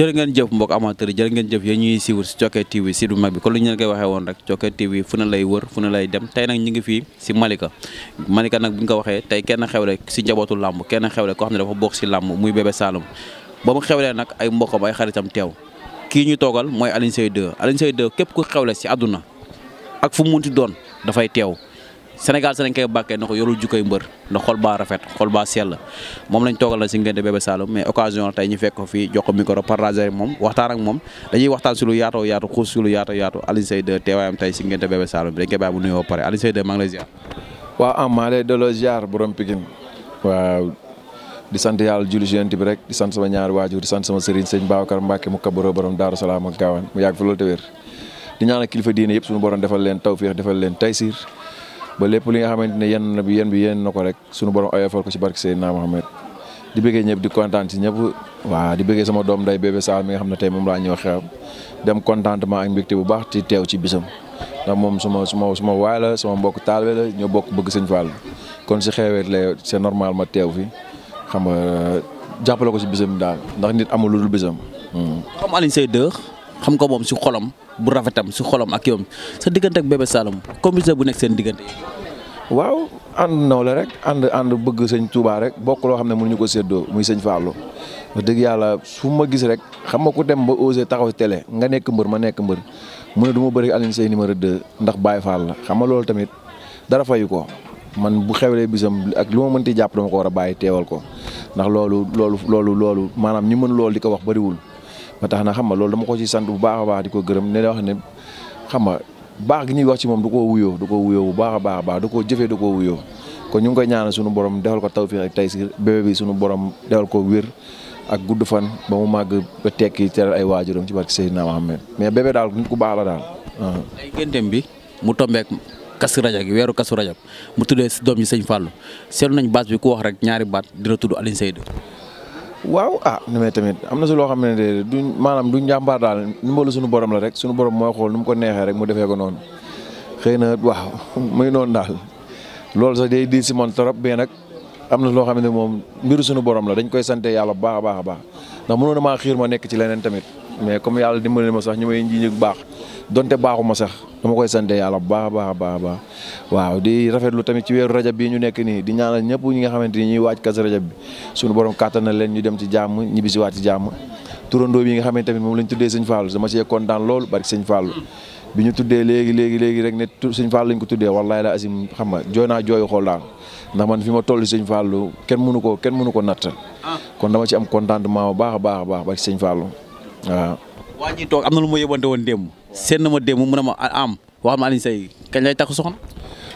jërë ngeen jëf mbokk amateur yi jërë ngeen jëf yéen ñuy siiwal si Thioker TV si du mag bi kon lu ñu leen koy waxee woon rek Thioker TV fu na lay wër fu na lay dem tey nag ñu ngi fii si Malika Malika nag bu nga waxee tey kenn xewle si njabootu làmb kenn xewle koo xam ne dafa bokk si làmb muy Bébé Saloum ba mu xewlee nag ay mbokkam ay xaritam teew kii ñu toogal mooy Alioune Seye 2 Alioune Seye 2 képp ku xewle si àdduna ak fu mu munti doon dafay teew Sénégal sa nañ koy bàkkee na ko yorul jukkoy mbër ndax xol baa rafet xol baa sell moom lañ toogal na si ngénte Bébé Saloum mais occasion la tey fekk ko fii jox ko micro partager ak moom waxtaan ak moom dañuy waxtaan si lu yaatoo yaatu xuus si lu teewaayam tey si ngénte Bébé Saloum bi dañ koy bu nuyoo ba pare Alioune Seye 2 waaw am maa lay delloo ziar borom Pikine waaw di sant yàlla julli si yonent bi rek di sant sama ñaari waajur di sant sama sëriñ sëñ Babacar Mbacke mu kabaroo borom Daaru Salaam ak Gaawaan mu defal leen tawféex defal leen taysiir ba lépp li nga xamante ne yenn na bi yenn bi yenn na ko rek sunu borom oyofal ko ci barke Seydina Mohamed di bëggee ñëpp di kontaan ci ñëpp waaw di bëggee sama doom day bébé Sall mi nga xam ne tey moom laa ñëw xewam dem contentement ak mbégte bu baax ci teew ci bisam ndax moom suma suma suma waay la sama mbokk taalibe la ñoo bokk bëgg Sëñ Fall kon si xewet la c'est normal ma teew fi xam nga jàppale ko si bisam daal ndax nit amul lu dul bisam. Hmm. xam Alioune Seye 2 xam ko moom si xolam bu rafetam si xolam ak yow sa diggante ak bébé Saloum commissaire bu nekk seen diggante. waaw ànd naw la rek ànd ànd bëgg sëñ tuubaa rek bokk loo xam ne ñu ko séddoo muy sëñ Fallou wax dëgg yàlla fu ma gis rek xam ma ku dem ba ose taxaw si nga nekk mbër ma nekk mbër mu ne duma ma bëri Alioune Seye numéro 2 ndax Baye Fall la xam nga loolu tamit dara fayu ko man bu xewlee bisam ak lu ma mënti jàpp dama ko war a bàyyi teewal ko ndax loolu loolu loolu loolu maanaam ñi mën loolu di ko wax bariwul ba tax na xam nga loolu dama ko ci sant bu baax a baax di ko gërëm ne wax ne xam nga baax gi ñuy wax ci moom du ko wuyoo du ko wuyoo bu baax a baax a baax du ko jëfee du ko wuyoo kon ñu ngi koy ñaanal sunu borom defal ko tawfiq ak taysir bébé bi sunu borom defal ko wér ak gudd fan ba mu màgg ba tekki teral ay waajuram ci naa ma Mohamed mais bébé daal nit ku baax la daal. ay géntem bi mu tombeek kasu rajab gi weeru kasu rajab mu tuddee doom yi sëñ Fallou seetlu nañ baat bi ku wax rek ñaari baat dina tudd alin Seye waaw ah ni may tamit am na si loo xam ne de du maanaam du njàmbaar daal ndimbalu suñu borom la rek suñu borom mooy xool nu mu ko neexee rek mu defee ko noonu xëy na waaw muy noonu daal loolu sax day di si man trop mais nag am na loo xam ne moom mbiru sunu borom la dañ koy sante yàlla bu baax baax a baax ndax mënoon na maa xiir ma nekk ci leneen tamit mais comme yàlla dimbali ma sax ñu may nji bu baax donte baaxuma ma sax dama koy sante yàlla bu baax a baax a baax waaw di rafetlu tamit ci weeru rajab bi ñu nekk nii di ñaanal ñëpp ñi nga xamante ni ñuy waaj kas rajab bi suñu borom kàttan leen ñu dem ci jàmm ñibbi si waat jàmm turandoo bi nga xamante tamit moom lañ tuddee sëñ Fallou dama cee kontaan loolu barki sëñ Fallou bi ñu tuddee léegi léegi léegi rek ne sëñ Fallou lañ ko tuddee wallahi la asim xam ma jooy naa jooyu xool daal ndax man fi ma toll sëñ Fallou kenn mënu ko kenn mënu ko natt ah. kon dama ci am contentement bu baax a baax a baax barki sëñ Fallou waaw waa toog am na lu ma yóbbante woon démb seen na ma démb mu a ma am wax ma Alioune Seye kañ lay takk soxna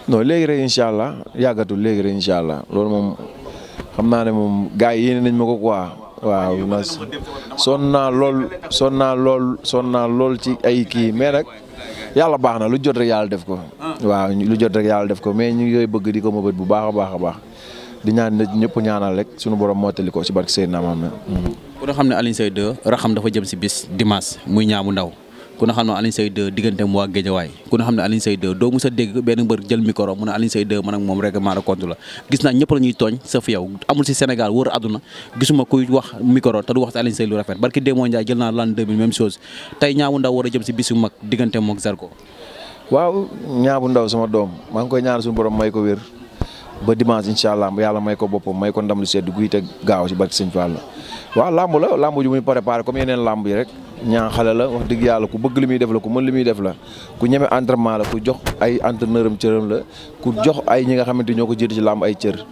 non léegi rek incha allah yàggatul léegi rek incha allah loolu moom xam naa ne moom gars yi yéene nañ ma ko quoi waaw ma soon naa lool son naa lool son naa lool ci ay kii mais nag yàlla baax na lu jot rek yàlla def ko ah. waaw lu jot rek yàlla def ko mais ñu yooyu bëgg di ko mëbët bu baax a baax a baax di ñaan ñëpp ñaanal rek sunu borom mottali ko si barke Seydina Muhammad hmm. ku ne xam ne Alioune Seye 2 raxam dafa jëm si bis dimanche muy ñaamu ndaw ku ne xam ne Alioune Seye 2 digganteem waa Géejawaay ku ne xam ne Alioune Seye 2 doo mës a dégg benn mbër jël micro mu ne Alioune Seye 2 man ak moom règlement de compte la gis naa ñëpp la tooñ sauf yow amul si Sénégal wër àdduna gisuma kuy wax micro te du wax si Alioune Seye lu rafet barki Démo Ndiaye jël naa l'an 2000 même chose tey ñaamu ndaw war a jëm si bis bu mag digganteem mook maa ngi koy ñaan suñu borom ba dimanche incha allah yàlla may ko boppam may ko ndam lu sedd guy te gaaw si barke sëñ Fall waaw làmb la làmb ji muy préparé comme yeneen làmb yi rek ñaa xale la wax dëgg yàlla ku bëgg li muy def la ku mën li muy def la ku ñeme entraînement la ku jox ay entraîneur am cëram la ku jox ay ñi nga xamante ñoo ko jiitu ci làmb ay cër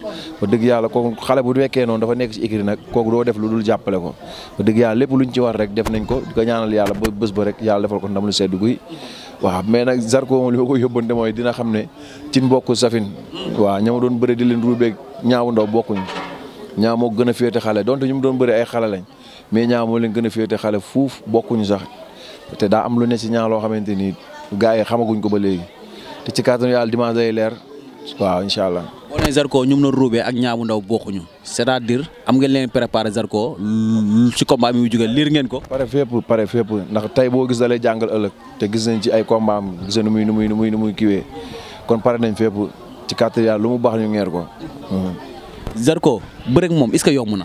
wax yàlla kooku xale bu wekkee noonu dafa nekk ci écurie nag kooku doo def lu dul jàppale ko wax dëgg yàlla lépp luñ ci war rek def nañ ko di ko ñaanal yàlla ba bés ba rek yàlla defal ko ndam lu sedd guy waaw mais nag Zarko li ma ko yóbbante mooy dina xam ne cin bokk safin waaw ña doon bëri di leen ruubeeg ñaawu ndaw bokkuñu ñaaw moo gën a féete xale donte ñu doon bëri ay xale lañ mais ñaaw moo leen gën a féete xale fuuf bokkuñu sax te daa am lu ne si ñaaw loo xamante ni gars yi xamaguñ ko ba léegi te ci kàttanu yàlla dimanche day leer waaw incha allah. boo nee ko ñu na a ruubee ak Niang bu Ndaw bokkuñu c'est-à-dire am ngeen leen préparé ko ci combat bi muy jógee liir ngeen ko. pare fépp pare fépp ndax tey boo gis dalee jàngal ëllëg te gis nañ ci ay combat am gis nu muy nu muy nu muy nu kon pare nañ fépp ci kàttan lu mu baax ñu ngeer ko. Hmm. Zarko bëreeg moom est-ce que yomb na.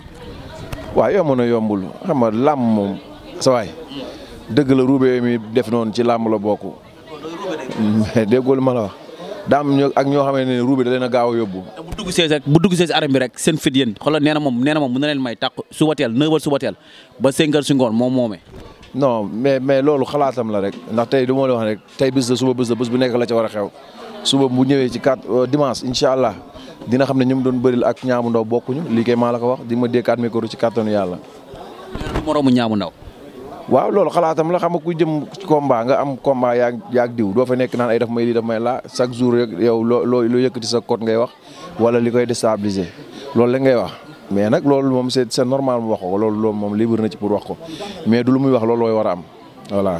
waaw yomb na yombul xam nga làmb moom sa dëgg la ruubee mi def noonu ci làmb la bokk. Hmm. déggul ma la wax. daa am ak ñoo xamee ne ruube da leen a gaaw a yóbbu bu dugg see rek bu dugg see si arène bi rek seen fit yéen xoolal nee na moom nee na moom mën na leen may tàq suba teel neuf heures ba cinq heures ngoon moom moomee non mais loolu xalaatam la rek ndax tey du moo la wax rek tey bés la suba bés la bés bu nekk la ca war a xew suba bu ñëwee ci quatre euh, dimanche incha allah dina xam ne ñoom doon bëril ak ñaamu ndaw bokkuñu lii kay maa la ko wax di ma dékkaat micro ci kàttanu yàlla moromu ñaamu ndaw waaw loolu xalaatam la xam nga ku jëm ci nga am combat yaag yaag diw doo fa nekk naan ay daf may lii daf may laa chaque jour rek yow loo loo loo yëkkati sa code ngay wax wala li koy déstabiliser loolu la ngay wax mais nag loolu moom c'est sa normal mu wax ko loolu loolu moom libre na ci pour wax ko mais du lu muy wax loolu looy war a am voilà.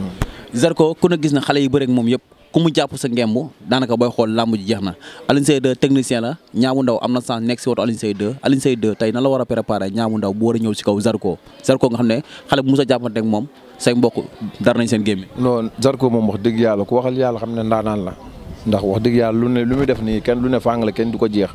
Hmm. Zarko ku a gis na xale yi bëri ak moom yëpp. ku mu jàpp sa ngemb daanaka booy xool làmb ji jeex na Alioune Seye 2 technicien la ñaamu ndaw am na chance nekk si woto Alioune Seye 2 tey na la war a préparer ñaamu ndaw bu war a ñëw si kaw ko Zarko Zarko nga xam ne xale bu mus a jàppante ak moom say mbokk dar nañ seen gémmi non Zarko moom wax dëgg yàlla ku waxal yàlla xam ne ndaanaan la ndax wax dëgg yàlla lu ne lu muy def nii kenn lu ne fàng la kenn du ko jeex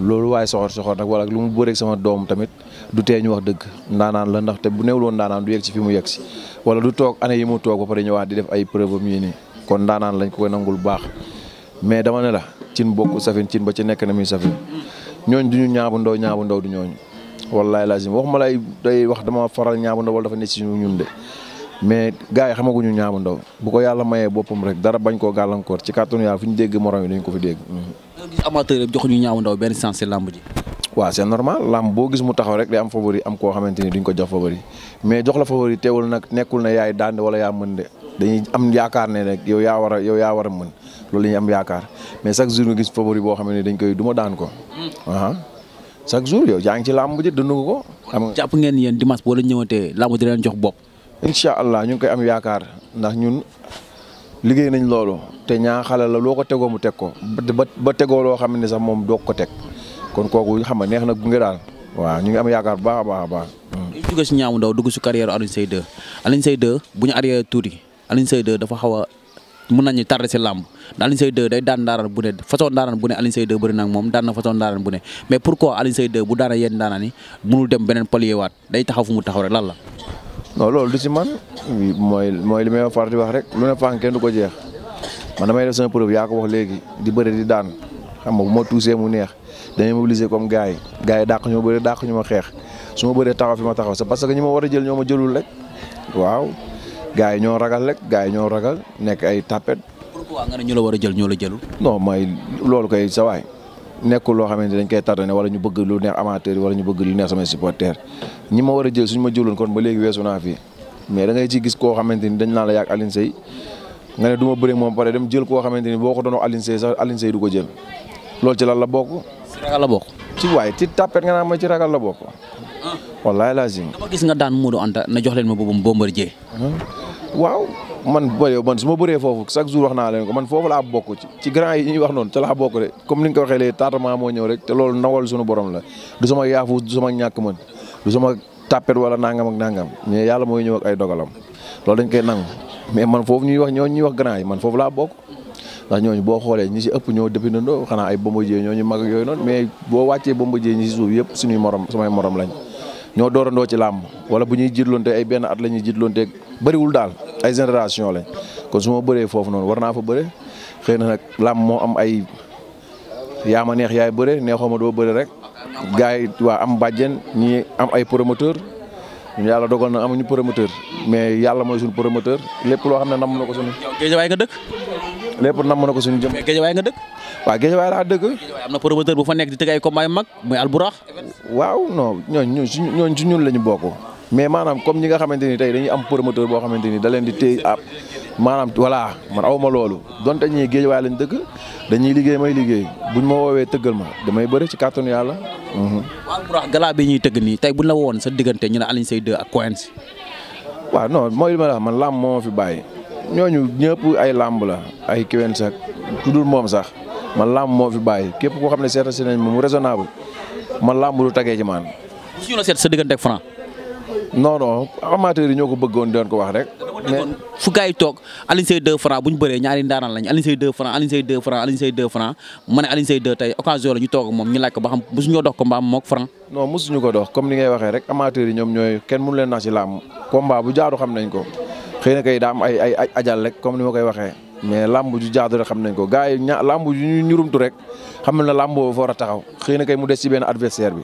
loolu waaye soxor soxor nag wala lu mu bëreeg sama doom tamit du tee ñu wax dëgg ndaanaan la ndaxte bu new woon ndaanaan du yegg fi mu yegg si wala du toog année yi mu toog ba pare ñëwaat di def ay preuve nii kon ndaanaan lañ ko koy nangul baax mais dama ne la cin bokk safin cin ba ci nekk na muy safin ñooñ du ñu ñaabu ndaw ñaabu ndaw du ñooñu wallaay lazim waxuma lay day wax dama faral ñaabu ndaw wala dafa ne si ñun de mais gars yi xamaguñu ñaabu ndaw bu ko yàlla mayee boppam rek dara bañ koo gàllankoor ci kàttanu yàlla fu ñu dégg morom yi dañ ko fi dégg. gis amateur jox ñu ñaabu ndaw benn sens làmb ji. waaw c'est normal làmb boo gis mu taxaw rek day am favori am koo xamante ni duñ ko jox favori mais jox la favori teewul nag nekkul na yaay daan de wala yaa mën de dañuy am yaakaar ne rek yow yaa war yow yaa war a mën loolu la ñuy am yaakaar mais chaque jour nga gis favori boo xam ne dañ koy duma daan ko. Hmm. chaque jour yow yaa ngi ci làmb ji dund ko. xam nga jàpp ngeen yéen dimanche boo leen ñëwatee làmb ji leen jox bopp. incha allah ñu ngi koy am yaakaar ndax ñun liggéey nañ loolu te ñaa xale la loo ko tegoo mu teg ko ba ba tegoo loo xam ne sax moom doog ko teg kon kooku xam nga neex na gunge daal. waaw ñu ngi am yaakaar bu baax a baax a baax. Hmm. ñu jóge dugg si carrière Alioune Seye 2 Alioune Seye 2 bu ñu arrière tuuti Alioune Seye dafa xaw a mën nañu tardé si làmb ndax Alioune Seye 2 day daan daaraan bu ne façon daaraan bu ne Alioune Seye 2 moom daan na façon daaraan bu ne mais pourquoi Alioune Seye 2 bu daana yenn daanaan yi dem beneen palier waat day taxaw fu mu taxaw rek lan la. non loolu du si man mooy mooy li may far di wax rek lu ne fànn kenn du ko jeex man damay def sama preuve yaa ko wax léegi di bëri di daan xam nga bu ma tuusee mu neex dañuy mobiliser comme gars yi gars yi dàq ñu ma bëri dàq ñu ma xeex su ma bëree taxaw fi ma taxaw c'est parce que ñi ma war a jël ñoo ma jëlul rek waaw gars yi ñoo ragal rek gars yi ñoo ragal nekk ay tapet. pourquoi nga ne ñu la war a jël ñoo la jëlul. no mooy loolu koy sa waay nekkul loo xamante dañ koy tardé wala ñu bëgg lu neex amateur yi wala ñu bëgg lu neex samay supporters ñi ma war a jël suñu ma jëloon kon ba léegi weesu naa fii mais da ngay ci gis koo xamante ni dañ naan la yàgg Alioune Seye nga ne du ma bëri moom pare dem jël koo xamante ni boo ko doonoo Alioune Seye sax du ko jël loolu ci lan la bokk. ci ragal ci waay ci tapet nga ma ci ragal la bokk wallaay laazim. gis nga daan Modou Anta na jox leen ma boobu Bombardier. waaw man bëree man su ma bëree foofu chaque jour wax naa leen ko man foofu laa bokk ci grand yi ñuy wax noonu ca laa bokk de comme ni nga ko waxee léegi tardement moo ñëw rek te loolu nawal sunu borom la du sama yaafu du sama ñàkk man du sama tàppet wala nangam nangam mais yàlla mooy ñëw ay dogalam lool dañ koy nangu mais man foofu ñuy wax ñooñu ñuy wax grand yi man foofu laa bokk. ndax ñooñu boo xoolee ñu si ëpp ñoo dëppandoo xanaa ay Bombardier ñoo mag ak yooyu noonu mais boo wàccee Bombardier ñi si yëpp suñuy morom samay morom lañ ñoo doorandoo ci làmb wala bu ñuy jiitlonte ay benn at la ñuy jiitlonte bëriwul daal ay génération lañ kon su ma bëree foofu noonu war naa fa bëre xëy na nag làmb moo am ay yaa ma neex yaay bëre neexoo ma doo bëre rek gars yi waa am bàjjen ñii am ay promoteur ñun yàlla dogal na amuñu promoteur mais yàlla mooy suñu promoteur lépp loo xam ne namm na ko suñu. yow géejawaay nga dëkk. lépp namm na ko suñu jëm. mais géejawaay nga dëkk. waa waaw Guédiawaye laa dëkk. am na promoteur bu fa nekk di tëgg ay combat yu mag muy alburax. waaw non ñooñu ñooñu ci ñun la ñu bokk mais maanaam comme ñi nga xamante ni tey dañuy am promoteur boo xamante ni da leen di téye ab maanaam voilà man aw ma loolu donte ñii Guédiawaye lañ dëkk dañuy liggéey may liggéey buñ ma woowee tëggal ma damay bëri ci kàttanu yàlla. Mhm. waaw alburax galaa bi ñuy tëgg nii tey bu na woon sa diggante ñu ne Alioune Seye 2 ak Coense. waaw non mooy li ma la wax man làmb moo fi bàyyi ñooñu ñëpp ay làmb la ay kiwen sax tudul moom sax man làmb moo fi bàyyi képp koo xam ne seeta si nañ ma mu raisonnable man làmb du tagee ci maan. su ñu la seet sa diggante Franc. non non amateurs yi ñoo ko bëggoon doon ko wax rek. mais toog Alioune Seye ñaari ndaanaan la ñu toog moom ñu laaj ko ba xam mosu ñoo dox ko mbaam moog Franc. non mosuñu ko comme ni ngay waxee rek amateurs yi ñoom ñooy kenn mënu leen nax ci làmb combat bu jaaru xam nañ ko xëy na kay daa am ay ay ajal rek comme ni ma koy waxee mais làmb ju jaadu rek xam nañ ko gars yi ña làmb ju ñu ñurumtu rek xam na làmb boobu war a taxaw xëy na kay mu des ci benn adversaire bi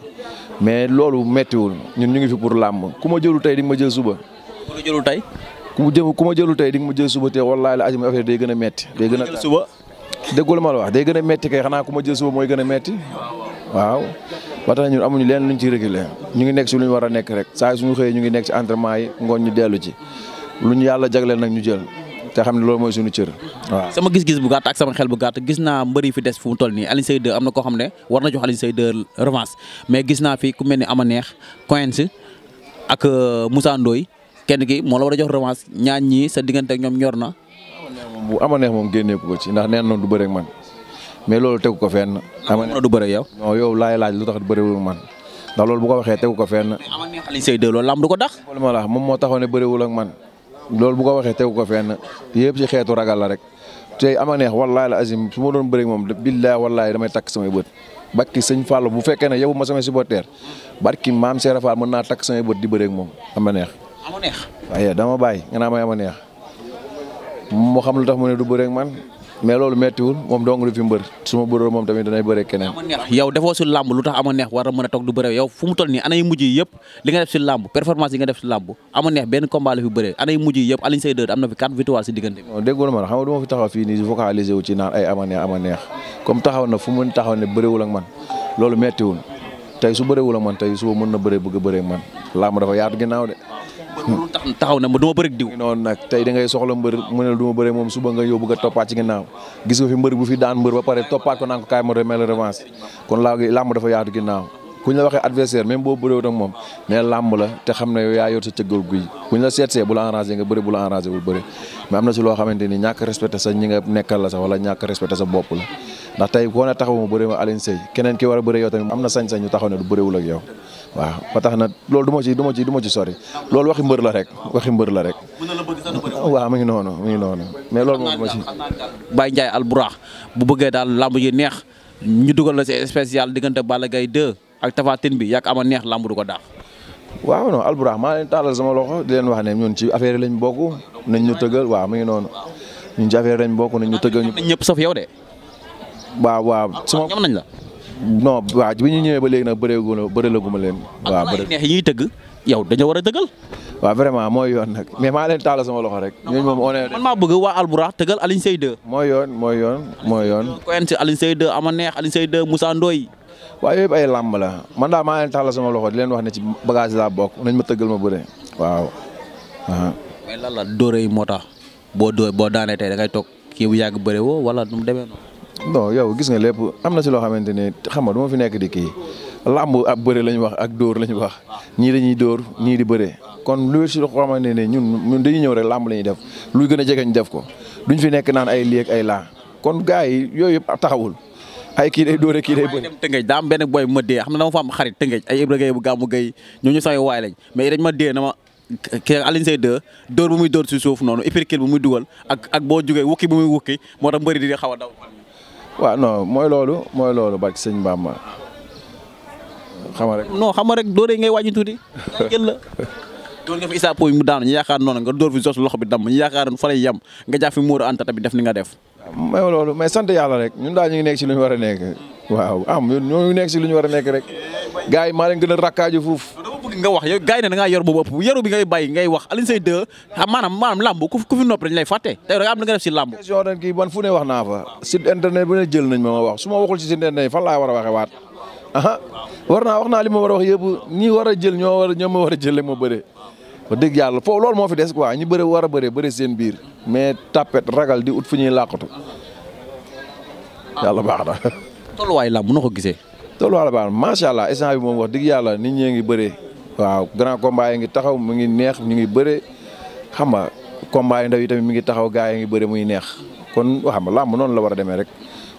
mais loolu méttiwul ñun ñu ngi fi pour làmb ku ma jëlu tey di nga ma jël suba. ku tey. ku ma jël ku ma jëlu tey di nga ma suba te wallaahi la aj affaire day gën a métti. day gën a jël suba. déggul ma la wax day gën a métti kay xanaa ku ma jël suba mooy gën a métti waaw. ba tax ñun amuñu leen luñ ci réguler ñu ngi nekk si lu ñu war a nekk rek saa suñu xëyee ñu ngi nekk ci entraînement yi ngoon ñu dellu ci lu ñu yàlla jagleel nag ñu jël te xam ne loolu mooy suñu cër waaw sama gis-gis bu ak sama xel bu gis naa mbëri fi des fu mu toll nii Alioune Seye am na koo xam ne war na jox Alioune Seye 2 mais gis naa fi ku mel ni ama neex Coins ak euh, Moussa Ndoye kenn ki moo la war a jox revanche ñaar ñii sa diggante ñoom ñor na bu ama neex moom génneeku ko ci ndax neen noonu du bëre man mais loolu tegu ko fenn ama ah, neex du bëre yow non yow laay laaj lu tax du bëre man ndax loolu bu waxee tegu ko fenn ama neex Alioune Seye 2 lam du ko dax moom moo taxoon ne bëriwul man loolu bu ko waxee tegu ko fenn yëpp ci xeetu ragal la rek te ama neex wallaahi la azim su ma doon bëri moom billahi wallaahi damay takk samay bët barki sëñ Fall bu fekkee ne yow ma samay supporter barki maam Seera Fall mën naa takk samay bët di bëri moom ama neex. waaye dama bàyyi nga naa may ama neex moo xam lu tax mu ne du bëri man. mais loolu méttiwul moom dong lu fi mbër su ma moom tamit danay bëre keneen. yow defoo si làmb lu tax ama neex war a mën a toog du bëre yow fu mu toll nii anay mujj yi yëpp li nga def si làmb performance yi nga def si làmb ama neex benn na xam du ma fi taxaw fii nii vocalisé wu ci naan ay ama neex ama neex comme taxaw na fu mu taxaw ne bëriwul ak man loolu méttiwul tey su bëriwul ak man tey suba mën na bëre bëgg bëre man làmb dafa yaatu loolu taxaw na ma du ma bëri diw. noonu tey da ngay soxla mbër mu ne la du ma bëri moom suba nga yóbbu nga toppaat ci ginnaaw gis nga fi mbër bu fi daan mbër ba pare toppaat ko naan ko kaay ma remel revanche kon laa làmb dafa yaatu ginnaaw ku ñu la waxee adversaire même boo bëréewut ak moom ne làmb la te xam ne yow yaa yor sa cëggal guy ku ñu la seetsee bu la arrangé nga bëri bu la arrangé wul bëri mais am na si loo xamante ni ñàkk respecté sa ñi nga nekkal la sax wala ñàkk respecté sa bopp la ndax tey koo ne taxawu ma bëri ma Alioune keneen ki war a bëri yow tamit na sañ-sañ ñu taxaw ne du bëriwul ak yow waaw ba tax na loolu du ma ci ma ci du ma ci sori loolu waxi mbër la rek waxi mbër la rek waaw mu ngi noonu mu ngi noonu mais loolu moom du ma ci Baye Ndiaye Alburax bu bëggee daal lamb yi neex ñu dugal la ci spécial diggante bala gay 2 ak Tapha Tine bi yàgg ama neex lamb du ko daax waaw non Alburax maa leen taalal sama loxo di leen wax ne ñun ci affaire lañ bokk nañ ñu tëggal waa mu ngi noonu ñun ci bokk nañ ñu tëggal ñëpp sauf yow de waaw waaw ah, sama ñam nañ la. non waaw bi ñu ñëwee ba léegi nag bëreegu ma bëreelagu ma leen. Ah, waaw bëre neex yi tëgg yow dañoo war a dëggal. waaw vraiment mooy yoon nag mais maa leen taal sama loxo rek. ñooñu moom on est. man maa bëgg waa Alburax tëggal Alioune Seye 2. mooy yoon mooy yoon mooy yoon. Koyen si Alioune Seye 2 ama neex Alioune Seye 2 Moussa Ndoye. waaw yooyu ay làmb la man daal maa leen taal sama loxo di leen wax ne ci bagage laa bokk nañ ma tëggal ma bëre waaw. mais lan la dóore yi moo tax boo dóor boo daanee tey da ngay toog kii bu yàgg bëre woo wala nu mu demee noonu non yow gis nga lépp am na si loo xamante ne xam nga du fi nekk di kii làmb ab bëre lañ wax ak dóor lañ wax ñii dañuy dóor ñii di bëre kon lu wér si loo xamante ne ñun ñun dañuy ñëw rek làmb la ñuy def luy gën a ñu def ko duñ fi nekk naan ay lii ay laa kon gars yi yooyu yëpp taxawul. ay kii day dóore kii day bëri dem tëngëj daa am benn boy bu ma dee xam ne dama fa am xarit tëngëj ay Ibra Gaye bu gàmmu gay ñooñu sax waay lañ mais dañ ma dee na ma kii Alioune Seye 2 dóor bu muy dóor si suuf noonu épicule bu muy dugal ak ak boo jugee wukki bu muy wukki moo tax mbëri di xaw daw waaw no mooy loolu mooy loolu barke sëñ Bamba xam nga rek. non xam nga rek dooree ngay wàññi tuuti jël la. doon nga fi Issa Pouye mu daanu ñu yaakaar noonu nga door fi sos loxo bi dam ñu yaakaaroon fa lay yem nga jàpp fi Mourou Anta tamit def ni nga def. mooy loolu mais sant yàlla rek ñun daal ñu ngi nekk si lu ñu war a nekk waaw am ñoo ngi nekk si lu ñu war a nekk rek gars yi maa leen gën a rakkaaju fuuf nga wax yow gars yi ne da ngaa yor boobu ëpp yaru bi ngay bàyyi ngay wax Alioune Seye 2 ah, maanaam maanaam làmb ku fi nopp dañ lay fàtte tey da nga am na nga def si làmb question dañ kii man fu ne wax naa fa site internet bu ne jël nañ ma ma wax su ma waxul si site internet fan laa war a waxee waat aha war naa wax naa li ma war a wax yëpp ñi war a jël ñoo war a ñoo ma war a jël ma bëre ba dëgg yàlla foofu loolu moo fi des quoi ñi bëre war a bëre bëre seen biir mais tapet ragal di ut fu ñuy làqatu yàlla baax na tolluwaay làmb noo ko gisee tolluwaay la baax macha allah instant bi moom wax dëgg yàlla nit ñee ngi bëree waaw grand combat yi ngi taxaw mu ngi neex ñu ngi bëre xam nga combat yu ndaw yi tamit mi ngi taxaw gaa yi ngi bëre muy neex kon wax nga làmb noonu la war a demee rek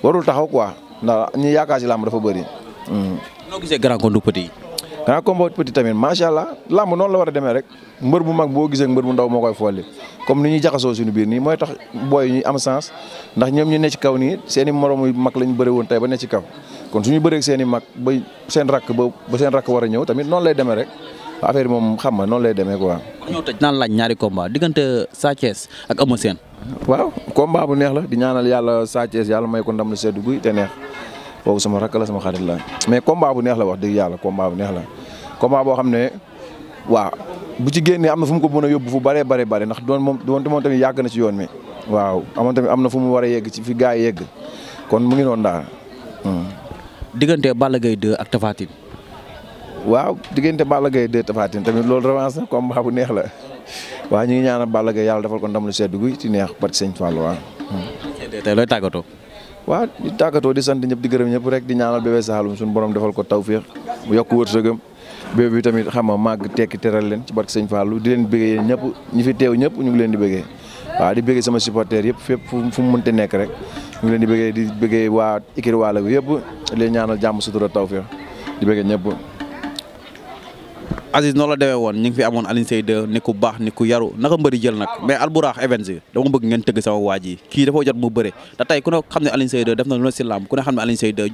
warul taxaw quoi ndax ñi yaakaar si làmb dafa bëri. Hmm. noo gisee grand contre petit yi grand ah, combat petit tamit macha allah làmb noonu la war a demee rek mbër bu mag boo gisee mbër bu ndaw moo koy folli comme ni ñuy jaxasoo suñu biir nii mooy tax booy ñuy am sens ndax ñoom ñu ne ci kaw nii seen i moromu mag lañ bëre woon tey ba ne ci kaw kon suñu bëree seen i mag ba seen rakk ba ba seen rakk war a ñëw tamit noonu lay demee rek affaire moom xam nga noonu lay demee ko ñoo tëj naan laaj ñaari combat diggante Sa Thiès ak Eumeu Sène. waaw combat bu neex la di ñaanal yàlla Sa yàlla may ko ndam lu sedd guy te neex. kooku sama rakk la sama xarit la mais combat bu neex la wax dëgg yàlla combat bu neex la combat boo xam ne waaw bu ci génnee am na fu mu ko mën a yóbbu fu bëree bëri bëri ndax doon moom doonte moom tamit yàgg na ci yoon mi waaw amoon tamit am na fu mu war a yegg ci fi gaa yegg kon mu ngi noonu daal. Hmm. diggante Balla Gaye 2 ak Tapha Tine. waaw diggante Balla Gaye 2 Tapha tamit loolu revanche la combat bu neex la waaw ñu ngi ñaanal Balla Gaye yàlla defal ko ndam lu sedd guy ci neex par Sëñ Fall waa hmm. tey looy tàggatoo. waa di tàggatoo di sant ñëpp di gërëm ñëpp rek di ñaanal bébé Saloum suñu borom defal ko tawféex mu yokk wërsëgam bébé bi tamit xam nga màgg tekki teral leen ci barke sëñ Fallou di leen bëggee ñëpp ñi fi teew ñëpp ñu ngi leen di bëggee waaw di bëggee sama supporter yëpp fépp fu mu mënte nekk rek ñu ngi leen di bëggee di bëggee waa ikir waalo bi yëpp leen ñaanal jàmm sutura tawféex di bëggee ñëpp Aziz noonu la demee woon ñu ngi fi amoon Alioune Seye 2 ni ku baax ni ku yaru naka mbëri jël nag mais Albourakh Events dama bëgg ngeen tëgg sama waa ji kii dafa jot mu bëre te tey ku ne xam ne Alioune Seye def na lu ne si làmb ku ne xam ne Alioune Seye 2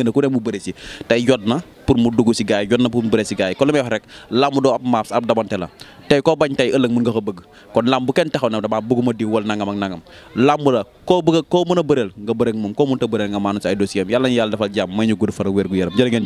ne ku ne mu bëre si tey jot na pour mu dugg si gars jot na pour mu bëre si gars kon li may wax rek làmb doo ab maaf ab dabante la tey koo bañ tey ëllëg mën nga ko bëgg kon làmb bu kenn taxaw na a bëreel nga bëreel